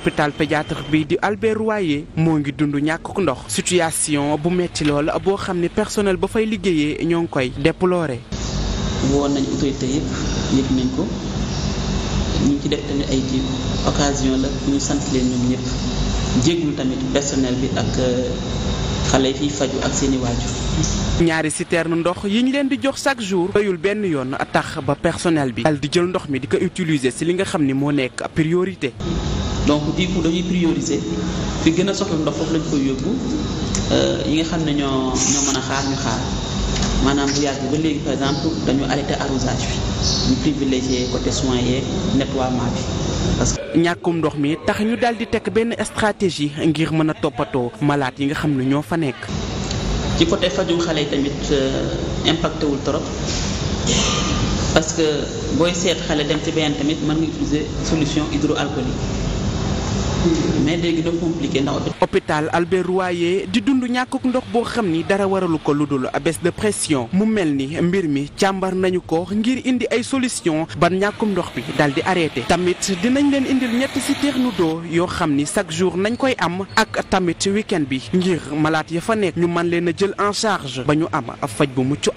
hôpital pédiatre bi di Albert Royer moo ngi dund ñàkk ndox situation bu metti lool boo xam ne personnel ba fay liggéeyee ñoo ngi koy déplorer. woon nañ autorité yëpp yëg nañ ko ñu ci def tamit ay jéego occasion la ñu sant leen ñoom ñëpp jéglu tamit personnel bi ak euh, xale yi fiy faju ak seeni waajur ñaari citerne ndox yi ñu leen di jox chaque jour doyul benn yoon tax ba personnel bi dal di jël ndox mi di ko utiliser ci li nga xam ni moo nekk priorité donc du coup dañuy prioriser fi gën a soxla ndox foofu lañ koy yóbbu euh, yi nga xam ne ñoo ñoo mën a xaar ñu xaar maanaam bu yàgg ba léegi par exemple dañu arrêté arrosage bi ñu privilégié côté soins yeeg nettoiement bi parce que. ñàkkum ndox mi tax ñu daal di tekk benn stratégie ngir mën a toppatoo malaat yi nga xam ne ñoo fa nekk. ci côté fajum xale yi tamit euh, impacté wul trop. parce que booy seet xale dem ci benn tamit mën nga utiliser solution hydroalcoolique mais léegi dafa compliqué ndax. hôpital Albert Royer di dund ñàkkuk ndox boo xam ni dara waralu ko lu dul baisse de pression mu mel ni mbir mi càmbar nañu ko ngir indi ay solution ban ñàkkum ndox bi dal di arrêté. tamit dinañ leen indil ñetti si teexnu doo yoo xam ni chaque jour nañ koy am ak tamit week-end bi ngir malaat ya fa nekk ñu man leen a jël en charge ba ñu am faj bu mucc